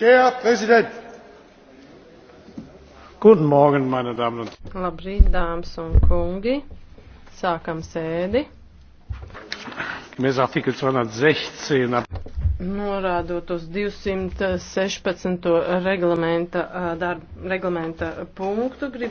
Der Präsident! Guten Morgen, meine Damen und Herren! Labrīt, dāmas un kungi! Sākam sēdi. Mēs artikli 216. Norādot uz 216. reglamenta, darba reglamenta punktu, gribu